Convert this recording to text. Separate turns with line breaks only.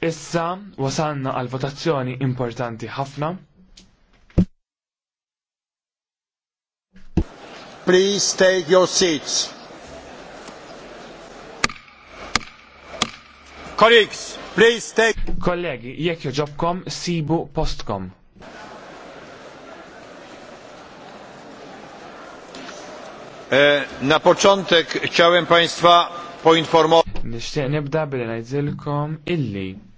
Issa wasalna għal votazzjoni importanti ħafna. Please
take your seats. Colleagues, please take... Kollegi, jekk joġobkom, sibu postkom.
E, na początek chciałem Państwa poinformować. Nishtiq nibda billi
najdzilkom illi